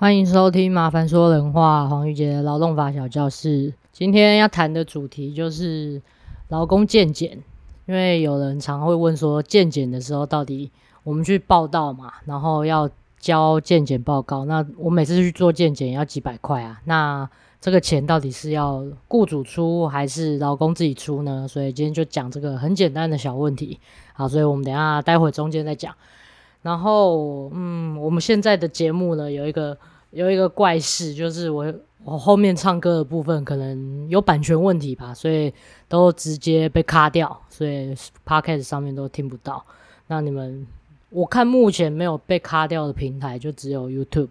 歡迎收聽《麻煩說人話》黃玉傑的勞動法小教室。今天要談的主題就是勞工健檢，因為有人常會問說，健檢的時候到底我們去報到嘛？然後要交健檢報告，那我每次去做健檢要幾百塊啊，那這個錢到底是要雇主出還是勞工自己出呢？所以今天就講這個很簡單的小問題。好，所以我們等一下待會中間再講。然後，嗯，我們現在的節目呢，有一個有一個怪事，就是我我後面唱歌的部分可能有版權問題吧，所以都直接被卡掉，所以 podcast 上面都聽不到。那你們我看目前沒有被卡掉的平台就只有 YouTube，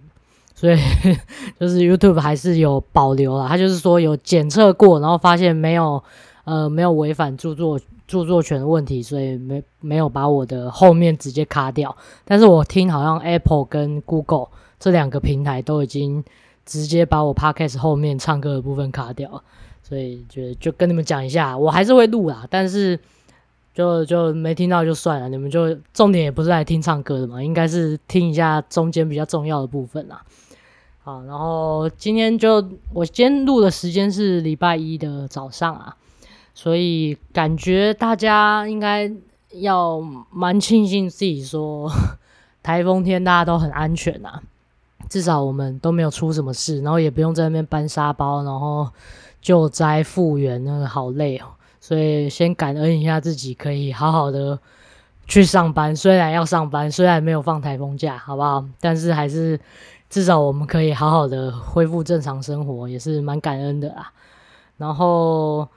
所以 就是 YouTube 還是有保留啦。他就是說有檢測過，然後發現沒有呃沒有違反著作。著作權的問題，所以沒沒有把我的後面直接卡掉。但是我聽好像 Apple 跟 Google 這兩個平台都已經直接把我 Podcast 後面唱歌的部分卡掉了，所以就就跟你們講一下，我還是會錄啦，但是就就沒聽到就算了。你們就重點也不是來聽唱歌的嘛，應該是聽一下中間比較重要的部分啦。好，然後今天就我今天錄的時間是禮拜一的早上啊。所以感覺大家應該要蠻慶幸自己說，台風天大家都很安全啦、啊、至少我們都沒有出什麼事，然後也不用在那邊搬沙包，然後救災復原，那個好累哦、喔。所以先感恩一下自己，可以好好的去上班，雖然要上班，雖然沒有放台風假，好不好？但是還是至少我們可以好好的恢復正常生活，也是蠻感恩的啦。然後。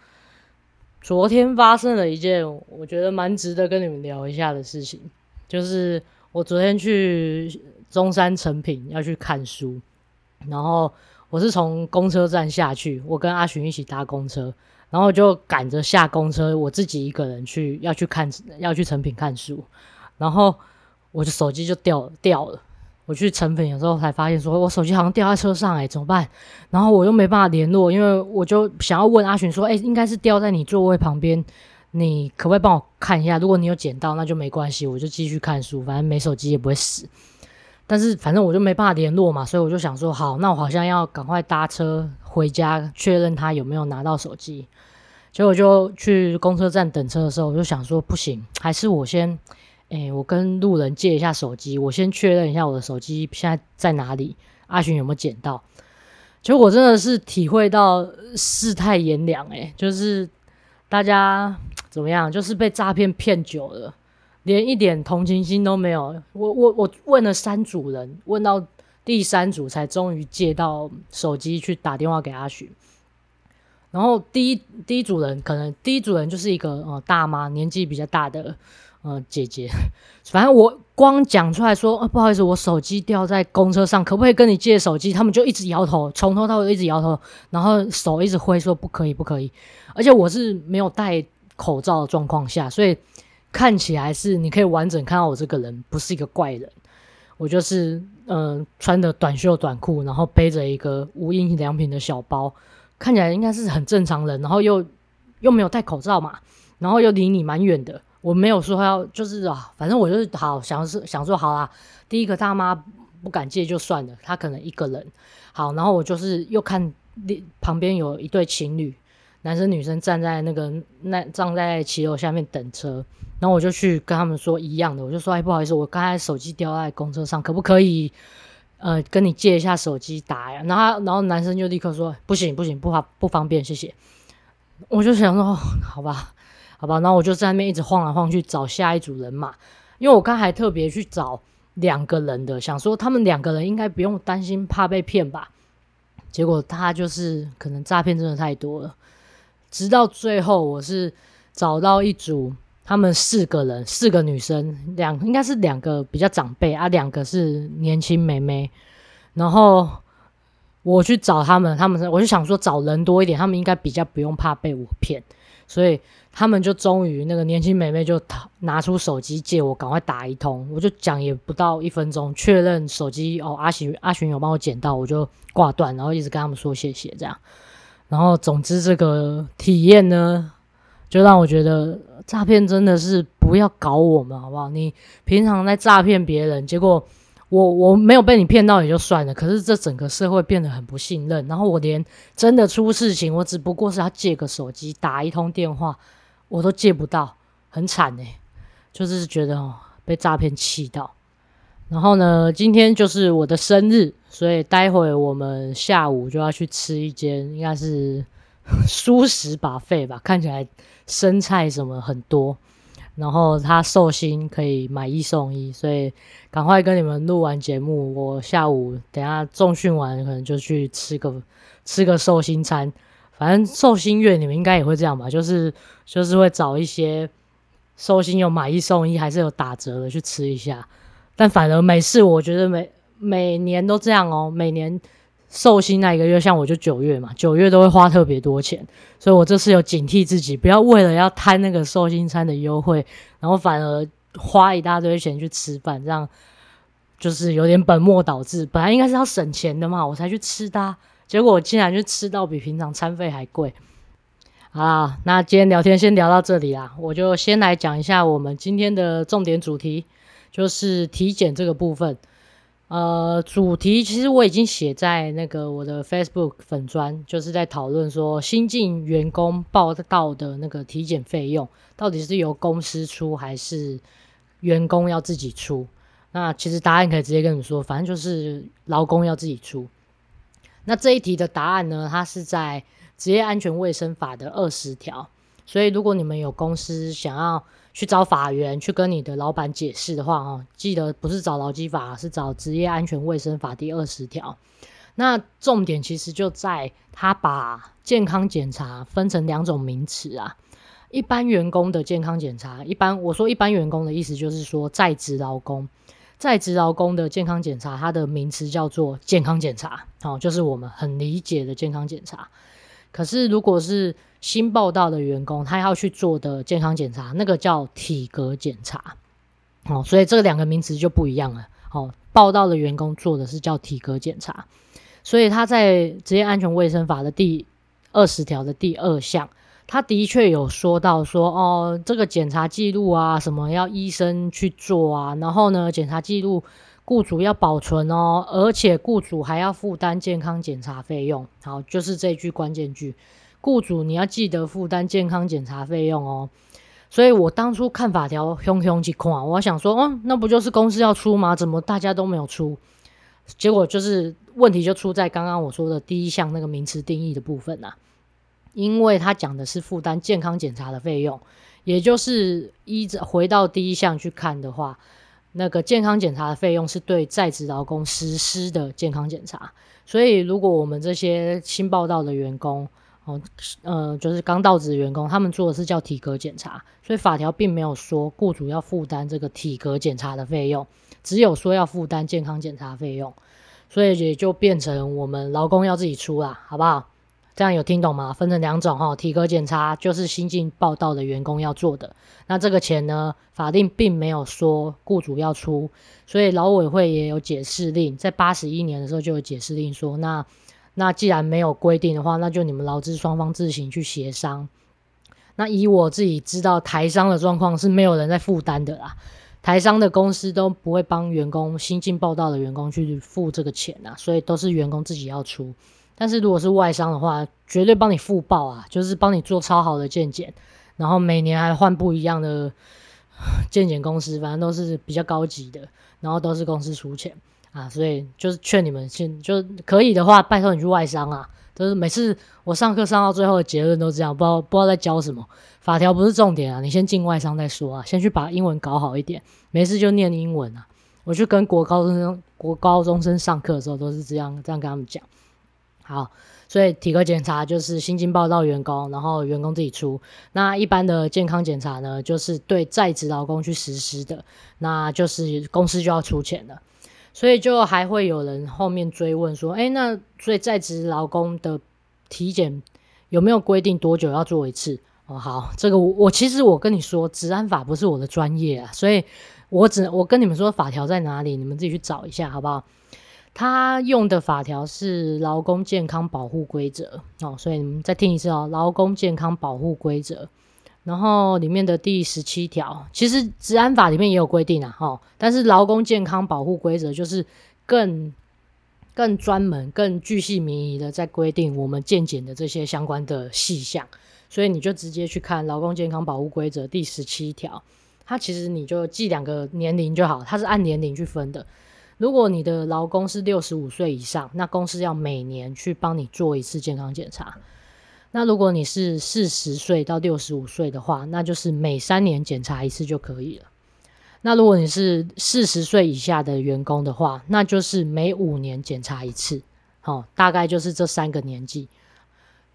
昨天發生了一件我覺得蠻值得跟你們聊一下的事情，就是我昨天去中山誠品要去看書，然後我是從公車站下去，我跟阿尋一起搭公車，然後就趕着下公車，我自己一個人去要去看要去誠品看書，然後我的手機就掉掉了。掉了我去成粉的時候才發現說我手機好像掉在車上。欸，哎，怎麼辦？然後我又沒辦法聯絡，因為我就想要問阿群說，哎、欸，應該是掉在你座位旁邊，你可不可以幫我看一下？如果你有撿到，那就沒關係，我就繼續看書，反正沒手機也不會死。但是反正我就沒辦法聯絡嘛，所以我就想說，好，那我好像要趕快搭車回家確認他有沒有拿到手機。結果我就去公車站等車的時候，我就想說，不行，還是我先。誒、欸，我跟路人借一下手機，我先確認一下我的手機現在在哪裡。阿尋有沒有撿到？其實我真的是體會到世態炎涼，誒，就是大家怎麼樣，就是被詐騙騙久了，連一點同情心都沒有。我我我問了三組人，問到第三組才終於借到手機去打電話給阿尋。然後第一第一組人可能第一組人就是一個呃大媽，年紀比較大的呃姐姐，反正我光講出來說，啊、不好意思，我手機掉在公車上，可不可以跟你借手機？他們就一直搖頭，從頭到尾一直搖頭，然後手一直揮說不可以不可以。而且我是沒有戴口罩的狀況下，所以看起來是你可以完整看到我這個人，不是一個怪人，我就是嗯、呃、穿着短袖短褲，然後背着一個無印良品的小包。看起來應該是很正常人，然後又又沒有戴口罩嘛，然後又離你蠻遠的。我沒有說要，就是啊，反正我就是好想是想說好啦。第一個大媽不敢借就算了，她可能一個人。好，然後我就是又看旁邊有一對情侶，男生女生站在那個那站在騎樓下面等車，然後我就去跟他們說一樣的，我就說哎，不好意思，我剛才手機掉在公車上，可不可以？呃，跟你借一下手機打呀，然後然後男生就立刻說不行不行不方不方便，謝謝。我就想說，哦，好吧，好吧，然後我就在那邊一直晃來晃去找下一組人嘛，因為我剛才特別去找兩個人的，想說他們兩個人應該不用擔心怕被騙吧。結果他就是可能詐騙真的太多了，直到最後我是找到一組。他們四個人，四個女生，兩應該是兩個比較長輩啊，兩個是年輕妹妹。然後我去找他們，他們是我就想說找人多一點，他們應該比較不用怕被我騙。所以他們就終於那個年輕妹妹就拿出手機借我，趕快打一通。我就講也不到一分鐘，確認手機哦，阿尋阿尋有幫我撿到，我就掛斷，然後一直跟他們說謝謝這樣。然後總之這個體驗呢，就讓我覺得詐騙真的是不要搞我們好不好？你平常在詐騙別人，結果我我沒有被你騙到也就算了。可是這整個社會變得很不信任，然後我連真的出事情，我只不過是要借個手機打一通電話，我都借不到，很慘欸！就是覺得哦，被詐騙氣到。然後呢，今天就是我的生日，所以待會我們下午就要去吃一間，應該是。嗯，蔬食 buffet 吧，看起來生菜什麼很多，然後他壽星可以買一送一，所以趕快跟你們錄完節目，我下午等一下重訓完可能就去吃個吃個壽星餐。反正壽星月你們應該也會這樣吧，就是就是會找一些壽星有買一送一還是有打折的去吃一下，但反而每次我覺得每每年都這樣哦、喔，每年。壽星那一個月，像我就九月嘛，九月都會花特別多錢，所以我這次有警惕自己，不要為了要貪那個壽星餐的優惠，然後反而花一大堆錢去吃飯，這樣就是有點本末倒置。本來應該是要省錢的嘛，我才去吃它，啊，結果我竟然就吃到比平常餐費還貴。啊，那今天聊天先聊到這裡啦，我就先來講一下我們今天的重點主題，就是體檢這個部分。呃，主題其實我已經寫在那個我的 Facebook 粉專，就是在討論說新進員工報到的那個體檢費用，到底是由公司出還是員工要自己出？那其實答案可以直接跟你說，反正就是勞工要自己出。那這一題的答案呢，它是在職業安全衛生法的二十條。所以如果你們有公司想要。去找法源，去跟你的老闆解釋的話，哈，記得不是找勞基法，是找職業安全衛生法第二十條。那重點其實就在他把健康檢查分成兩種名詞啊。一般員工的健康檢查，一般我說一般員工的意思就是說在職勞工，在職勞工的健康檢查，它的名詞叫做健康檢查，哦，就是我們很理解的健康檢查。可是，如果是新報到的員工，他要去做的健康檢查，那個叫體格檢查，哦，所以這兩個名詞就不一樣了。好，哦，報到的員工做的是叫體格檢查，所以他在職業安全衛生法的第二十條的第二項，他的確有說到說哦，這個檢查記錄啊，什麼要醫生去做啊，然後呢，檢查記錄。雇主要保存哦，而且雇主還要負擔健康檢查費用。好，就是這句關鍵句，雇主你要記得負擔健康檢查費用哦。所以我當初看法條凶凶去看，我想說，哦、嗯，那不就是公司要出嗎？怎麼大家都沒有出？結果就是問題就出在剛剛我說的第一項那個名詞定義的部分吶、啊，因為他講的是負擔健康檢查的費用，也就是一直回到第一項去看的話。那個健康檢查的費用是對在職勞工實施的健康檢查，所以如果我們這些新報到的員工，哦，呃，就是剛到職員工，他們做的是叫體格檢查，所以法條並沒有說雇主要負擔這個體格檢查的費用，只有說要負擔健康檢查費用，所以也就變成我們勞工要自己出啦，好不好？這樣有聽懂嗎？分成兩種哈，體格檢查就是新進報到的員工要做的。那這個錢呢，法定並沒有說雇主要出，所以勞委會也有解釋令，在八十一年的時候就有解釋令說，那那既然沒有規定的話，那就你們勞資雙方自行去協商。那以我自己知道台商的狀況是沒有人在負擔的啦，台商的公司都不會幫員工新進報到的員工去付這個錢啊，所以都是員工自己要出。但是如果是外商的話，絕對幫你復報啊，就是幫你做超好的健檢，然後每年還換不一樣的健檢公司，反正都是比較高級的，然後都是公司出錢啊，所以就是勸你們先，就可以的話，拜託你去外商啊，就是每次我上課上到最後的結論都這樣，不知道不知道在教什麼，法條不是重點啊，你先進外商再說啊，先去把英文搞好一點，沒事就念英文啊，我去跟國高中生、國高中生上課的時候都是這樣，這樣跟他們講。好，所以體格檢查就是新進報到員工，然後員工自己出。那一般的健康檢查呢，就是對在職勞工去實施的，那就是公司就要出錢了。所以就還會有人後面追問說，哎、欸，那所以在職勞工的體檢有沒有規定多久要做一次？哦，好，這個我，我其實我跟你說，職安法不是我的專業啊，所以我只能我跟你們說法條在哪裡，你們自己去找一下，好不好？他用的法條是勞工健康保護規則哦，所以你們再聽一次哦，勞工健康保護規則，然後裡面的第十七條，其實治安法裡面也有規定啊，哦，但是勞工健康保護規則就是更更專門、更鉅細靡遺的在規定我們健檢的這些相關的細項，所以你就直接去看勞工健康保護規則第十七條，它其實你就記兩個年齡就好，它是按年齡去分的。如果你的勞工是六十五歲以上，那公司要每年去幫你做一次健康檢查。那如果你是四十歲到六十五歲的話，那就是每三年檢查一次就可以了。那如果你是四十歲以下的員工的話，那就是每五年檢查一次。好，哦，大概就是這三個年紀：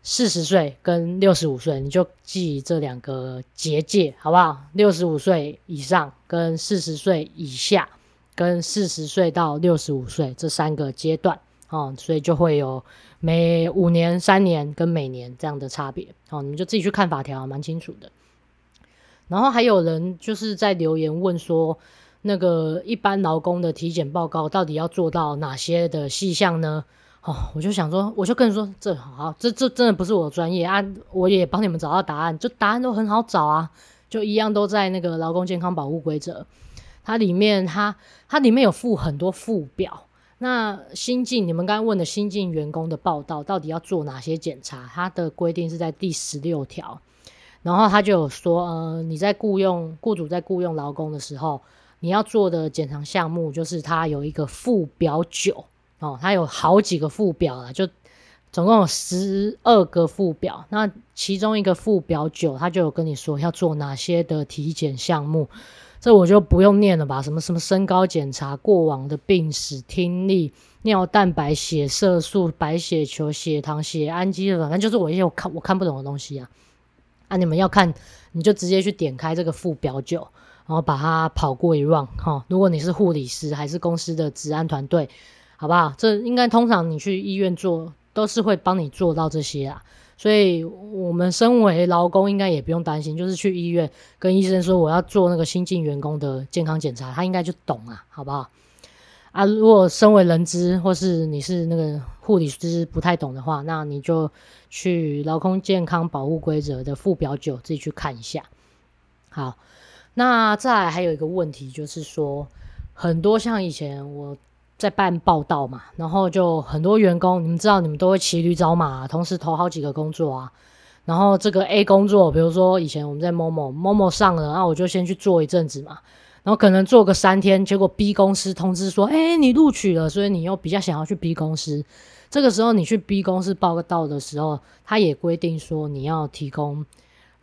四十歲跟六十五歲，你就記這兩個結界，好不好？六十五歲以上跟四十歲以下。跟四十歲到六十五歲這三個階段，哦，所以就會有每五年、三年跟每年這樣的差別，哦，你們就自己去看法條，蠻清楚的。然後還有人就是在留言問說，那個一般勞工的體檢報告到底要做到哪些的細項呢？哦，我就想說，我就跟你說，這好，這這真的不是我專業啊，我也幫你們找到答案，就答案都很好找啊，就一樣都在那個勞工健康保護規則。它裡面，它它裡面有附很多附表。那新進你們剛剛問的新進員工的報到到底要做哪些檢查？它的規定是在第十六條，然後他就有說，嗯、呃，你在僱用，僱主在僱用勞工的時候，你要做的檢查項目就是它有一個附表九哦，它有好幾個附表啦，就總共有十二個附表。那其中一個附表九，他就有跟你說要做哪些的體檢項目。這我就不用念了吧？什麼什麼身高檢查、過往的病史、聽力、尿蛋白、血色素、白血球、血糖、血氨基的，反正就是我一些我看我看不懂的東西啊。啊，你們要看，你就直接去點開這個附表九，然後把它跑過一 round 哈、哦。如果你是護理師還是公司的職安團隊，好不好？這應該通常你去醫院做都是會幫你做到這些啊。所以，我們身為勞工，應該也不用擔心，就是去醫院跟醫生說我要做那個新進員工的健康檢查，他應該就懂了、啊，好不好？啊，如果身為人資，或是你是那個護理師不太懂的話，那你就去勞工健康保護規則的附表九自己去看一下。好，那再來還有一個問題，就是說很多像以前我。在辦報到嘛，然後就很多員工，你們知道，你們都會騎驢找馬、啊，同時投好幾個工作啊。然後這個 A 工作，比如說以前我們在某某某某上了，那、啊、我就先去做一陣子嘛。然後可能做個三天，結果 B 公司通知說，哎、欸，你錄取了，所以你又比較想要去 B 公司。這個時候你去 B 公司報個到的時候，他也規定說你要提供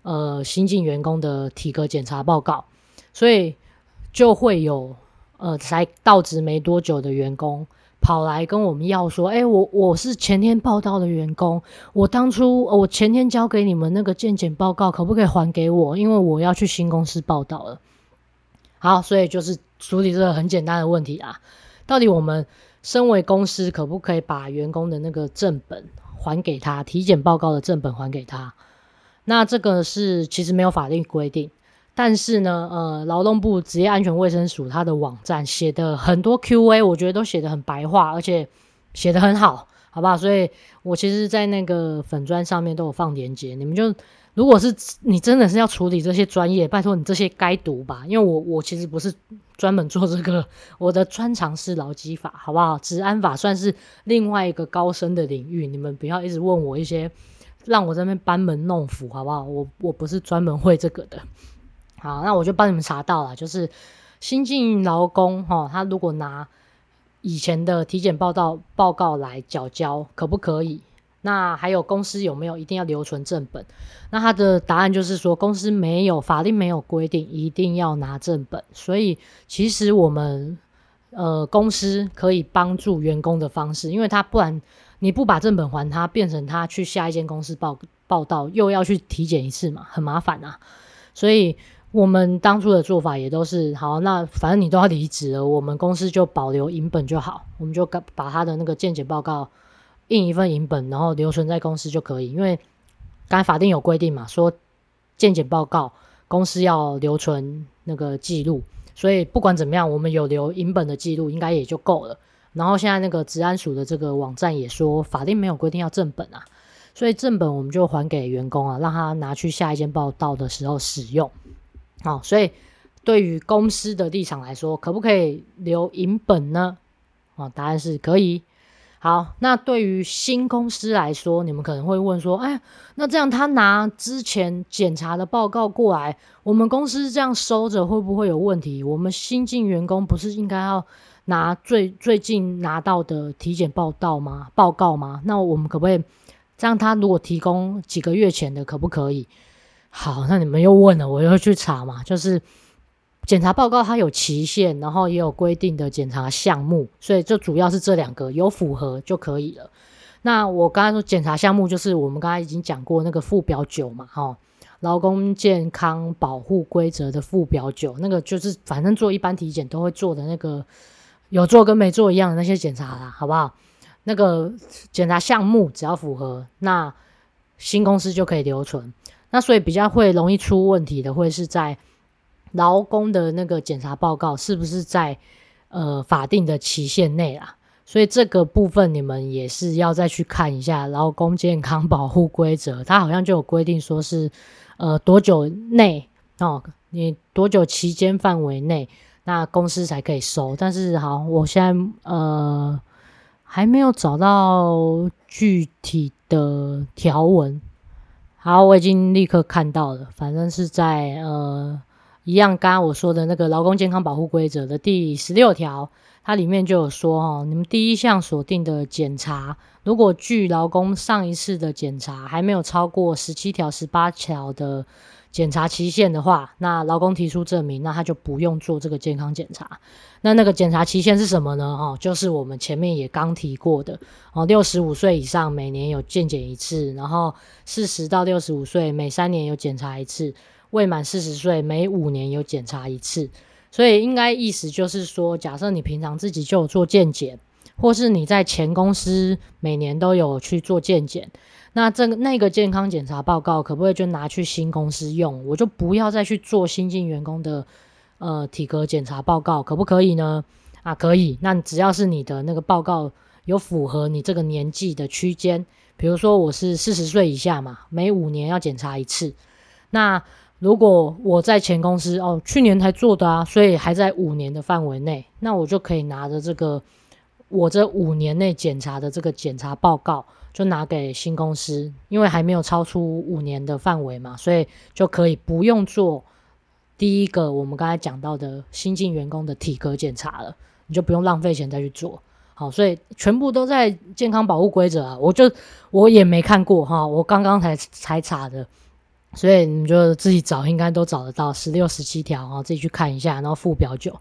呃新進員工的體格檢查報告，所以就會有。呃，才到職沒多久的員工跑來跟我們要說，哎、欸，我我是前天報到的員工，我當初我前天交給你們那個健檢報告，可不可以還給我？因為我要去新公司報到了。好，所以就是處理這個很簡單的問題啊，到底我們身為公司可不可以把員工的那個正本還給他，體檢報告的正本還給他？那這個是其實沒有法律規定。但是呢，呃，勞動部職業安全衛生署它的網站寫的很多 Q&A，我覺得都寫的很白話，而且寫的很好，好不好？所以，我其實，在那個粉專，上面都有放鏈接，你們就如果是你真的是要處理這些專業，拜託你這些該讀吧，因為我我其實不是專門做這個，我的專長是勞基法，好不好？職安法算是另外一個高深的領域，你們不要一直問我一些讓我在那邊班門弄斧，好不好？我我不是專門會這個的。好，那我就幫你們查到了，就是新進勞工哈、哦，他如果拿以前的體檢報告報告來繳交，可不可以？那還有公司有沒有一定要留存正本？那他的答案就是說，公司沒有，法律沒有規定一定要拿正本。所以其實我們呃公司可以幫助員工的方式，因為他不然你不把正本還他，變成他去下一間公司報報到又要去體檢一次嘛，很麻煩啊。所以。我們當初的做法也都是好，那反正你都要離職了，我們公司就保留影本就好，我們就把他的那個健檢報告印一份影本，然後留存在公司就可以。因為剛才法定有規定嘛，說健檢報告公司要留存那個記錄，所以不管怎麼樣，我們有留影本的記錄應該也就夠了。然後現在那個職安署的這個網站也說法定沒有規定要正本啊，所以正本我們就還給員工啊，讓他拿去下一間報到的時候使用。好、哦，所以對於公司的立場來說，可不可以留影本呢？哦，答案是可以。好，那對於新公司來說，你們可能會問說，哎，那這樣他拿之前檢查的報告過來，我們公司這樣收着會不會有問題？我們新進員工不是應該要拿最最近拿到的體檢報告嗎？報告嗎？那我們可不可以這樣？他如果提供幾個月前的，可不可以？好，那你們又問了，我又去查嘛，就是檢查報告它有期限，然後也有規定的檢查項目，所以就主要是這兩個有符合就可以了。那我剛才說檢查項目就是我們剛才已經講過那個附表九嘛，哈、哦，勞工健康保護規則的附表九，那個就是反正做一般體檢都會做的那個，有做跟沒做一樣的那些檢查啦，好不好？那個檢查項目只要符合，那新公司就可以留存。那所以比較會容易出問題的，會是在勞工的那個檢查報告是不是在呃法定的期限內啦？所以這個部分你們也是要再去看一下。勞工健康保護規則，它好像就有規定說是呃多久內哦，你多久期間範圍內，那公司才可以收。但是好，我現在呃還沒有找到具體的條文。好，我已經立刻看到了，反正是在呃，一樣剛剛我說的那個勞工健康保護規則的第十六條，它裡面就有說哦，你們第一項所定的檢查，如果距勞工上一次的檢查還沒有超過十七條、十八條的。檢查期限的話，那勞工提出證明，那他就不用做這個健康檢查。那那個檢查期限是什麼呢？哦，就是我們前面也剛提過的哦，六十五歲以上每年有健檢一次，然後四十到六十五歲每三年有檢查一次，未滿四十歲每五年有檢查一次。所以應該意思就是說，假設你平常自己就有做健檢，或是你在前公司每年都有去做健檢。那這個那個健康檢查報告可不可以就拿去新公司用？我就不要再去做新進員工的呃體格檢查報告，可不可以呢？啊，可以。那只要是你的那個報告有符合你這個年紀的區間，比如說我是四十歲以下嘛，每五年要檢查一次。那如果我在前公司哦，去年才做的啊，所以還在五年的範圍內，那我就可以拿着這個我這五年內檢查的這個檢查報告。就拿給新公司，因為還沒有超出五年的範圍嘛，所以就可以不用做第一個我們剛才講到的新進員工的體格檢查了，你就不用浪費錢再去做。好，所以全部都在健康保護規則啊，我就我也沒看過哈、啊，我剛剛才才查的，所以你就自己找，應該都找得到十六、十七條啊，自己去看一下，然後附表九，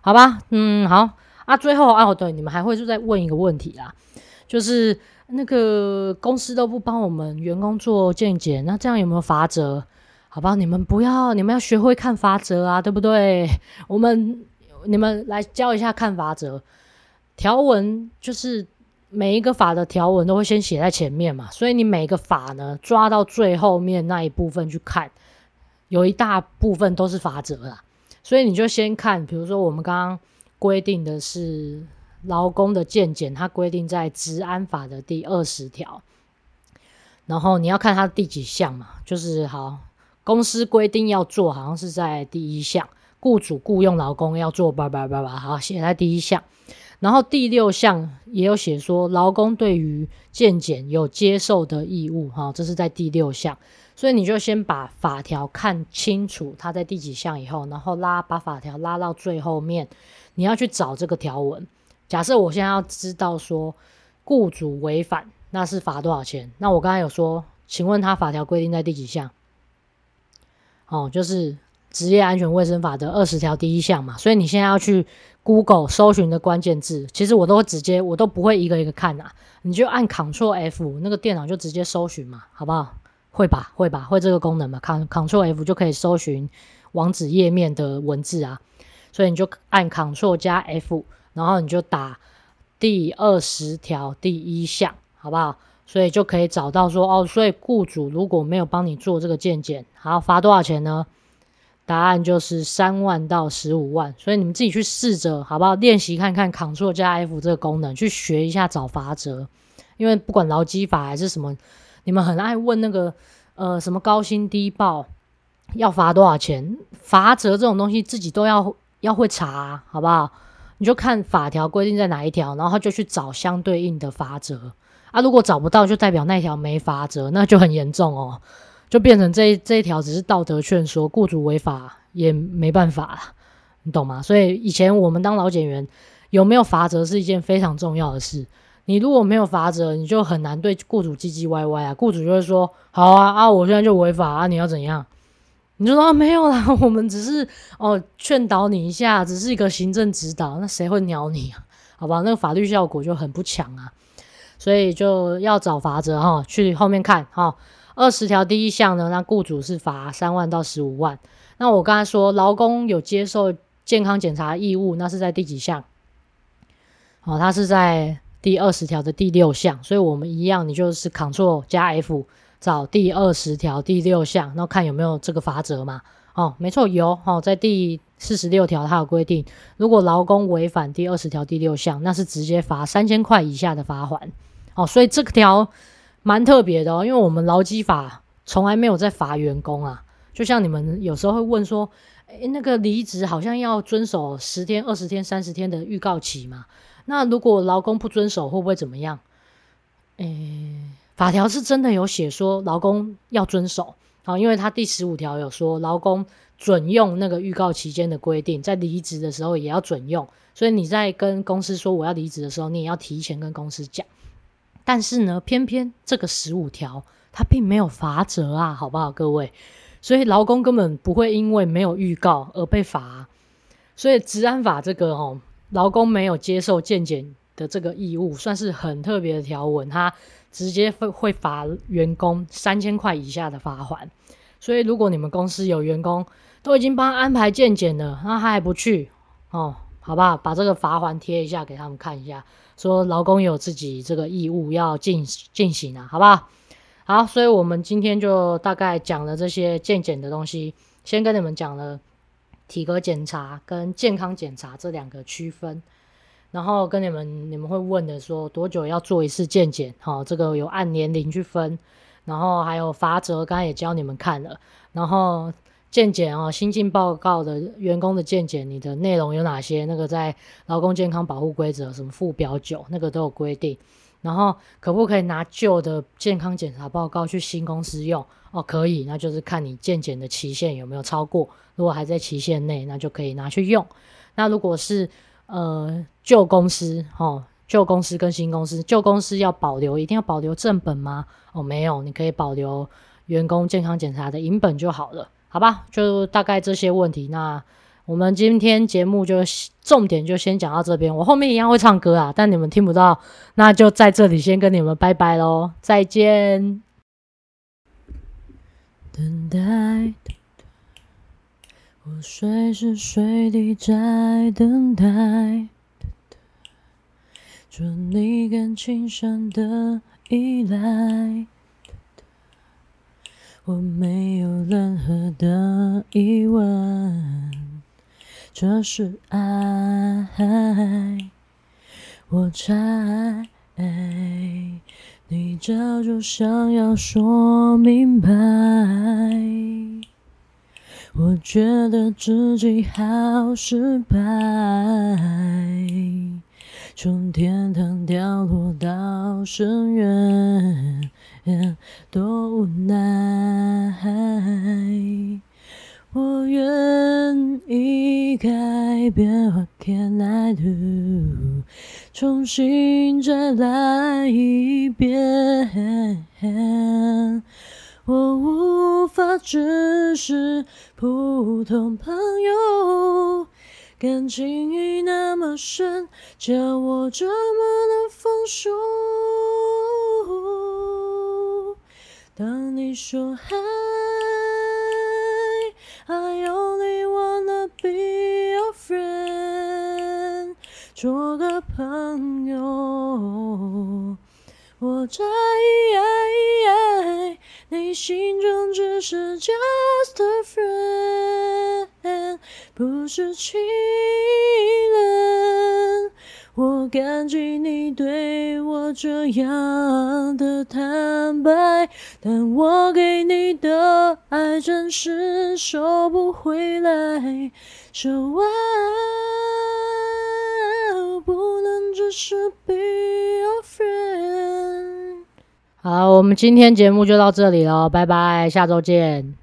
好吧？嗯，好啊，最後啊、哦，對，你們還會是再問一個問題啦。就是那個公司都不幫我們員工做健檢，那這樣有沒有罰則？好不好，你們不要，你們要學會看罰則啊，對不對？我們你們來教一下看罰則。條文就是每一個法的條文都會先寫在前面嘛，所以你每個法呢，抓到最後面那一部分去看，有一大部分都是罰則啦，所以你就先看，比如說我們剛剛規定的是。勞工的健檢，它規定在《職安法》的第二十條。然後你要看它第幾項嘛，就是好，公司規定要做好像是在第一項，雇主僱用勞工要做叭叭叭叭，好寫在第一項。然後第六項也有寫說，勞工對於健檢有接受的義務，哈，這是在第六項。所以你就先把法條看清楚，它在第幾項以後，然後拉把法條拉到最後面，你要去找這個條文。假設我現在要知道說，僱主違反那是罰多少錢？那我剛才有說，請問他法條規定在第幾項？哦，就是職業安全衛生法的二十條第一項嘛。所以你現在要去 Google 搜尋的關鍵字，其實我都會直接，我都不會一個一個看啦、啊、你就按 Ctrl F，那個電腦就直接搜尋嘛，好不好？會吧，會吧，會這個功能嘛？Ctrl F 就可以搜尋網址頁面的文字啊。所以你就按 Ctrl 加 F。然後你就打第二十條第一項，好不好？所以就可以找到說哦，所以雇主如果沒有幫你做這個健檢，好，罰多少錢呢？答案就是三萬到十五萬。所以你們自己去試着好不好？練習看看，Ctrl 加 F 這個功能，去學一下找罰則，因為不管勞基法還是什麼，你們很愛問那個呃什麼高薪低報要罰多少錢？罰則這種東西自己都要要會查，好不好？你就看法條規定在哪一條，然後他就去找相對應的罰則啊。如果找不到，就代表那條沒罰則，那就很嚴重哦，就變成這一這一條只是道德勸說，雇主違法也沒辦法啦，你懂嗎？所以以前我們當勞檢員，有沒有罰則是一件非常重要的事。你如果沒有罰則，你就很難對雇主唧唧歪歪啊，雇主就會說：好啊啊，我現在就違法啊，你要怎樣？你就說、哦、沒有啦，我們只是哦勸導你一下，只是一個行政指導，那誰會鳥你啊？好吧，那個法律效果就很不強啊，所以就要找罰則哈、哦，去後面看哈。哦、二十條第一項呢，那雇主是罰三萬到十五萬。那我剛才說，勞工有接受健康檢查義務，那是在第幾項？哦，它是在第二十條的第六項，所以我們一樣，你就是 Ctrl 加 F。找第二十條第六項，那看有沒有這個罰則嘛？哦，沒錯，有哦，在第四十六條它有規定，如果勞工違反第二十條第六項，那是直接罰三千塊以下的罰鍰。哦，所以這條蠻特別的哦，因為我們勞基法從來沒有在罰員工啊。就像你們有時候會問說，誒、欸、那個離職好像要遵守十天、二十天、三十天的預告期嘛？那如果勞工不遵守，會不會怎麼樣？誒、欸？法條是真的有寫說勞工要遵守，好、啊，因為他第十五條有說勞工準用那個預告期間的規定，在離職的時候也要準用，所以你在跟公司說我要離職的時候，你也要提前跟公司講。但是呢，偏偏這個十五條他並沒有罰則啊，好不好，各位？所以勞工根本不會因為沒有預告而被罰、啊。所以職安法這個哦，勞工沒有接受健檢的這個義務，算是很特別的條文哈。直接會會罰員工三千塊以下的罰款，所以如果你們公司有員工都已經幫安排健檢了，那他還不去，哦，好吧，把這個罰款貼一下給他們看一下，說勞工有自己這個義務要進進行啊，好不好？好，所以我們今天就大概講了這些健檢的東西，先跟你們講了體格檢查跟健康檢查這兩個區分。然後跟你們，你們會問的說多久要做一次健檢？好，哦，這個有按年齡去分，然後還有罰則，剛才也教你們看了。然後健檢哦，新進報告的員工的健檢，你的內容有哪些？那個在《勞工健康保護規則》什麼附表九，那個都有規定。然後可不可以拿舊的健康檢查報告去新公司用？哦，可以，那就是看你健檢的期限有沒有超過。如果還在期限內，那就可以拿去用。那如果是呃，舊公司哦，舊公司跟新公司，舊公司要保留，一定要保留正本嗎？哦，沒有，你可以保留員工健康檢查的影本就好了，好吧？就大概這些問題，那我們今天節目就重點就先講到這邊。我後面一樣會唱歌啊，但你們聽不到，那就在這裡先跟你們拜拜嘍，再見。我隨時隨地在等待，做你感情上的依賴。我沒有任何的疑問，這是愛。我猜，你早就想要說明白。我覺得自己好失敗，從天堂掉落到深淵，多無奈。我願意改變，What can I do？重新再來一遍。我無法只是普通朋友，感情已那麼深，叫我怎麼能放手？當你說 Hi，I only wanna be your friend，做個朋友，我這一。你心中只是 just a friend，不是情人。我感激你對我這樣的坦白，但我給你的愛暫時收不回來。So why 我不能只是 be your friend。好，我們今天節目就到這裡了，拜拜，下週見。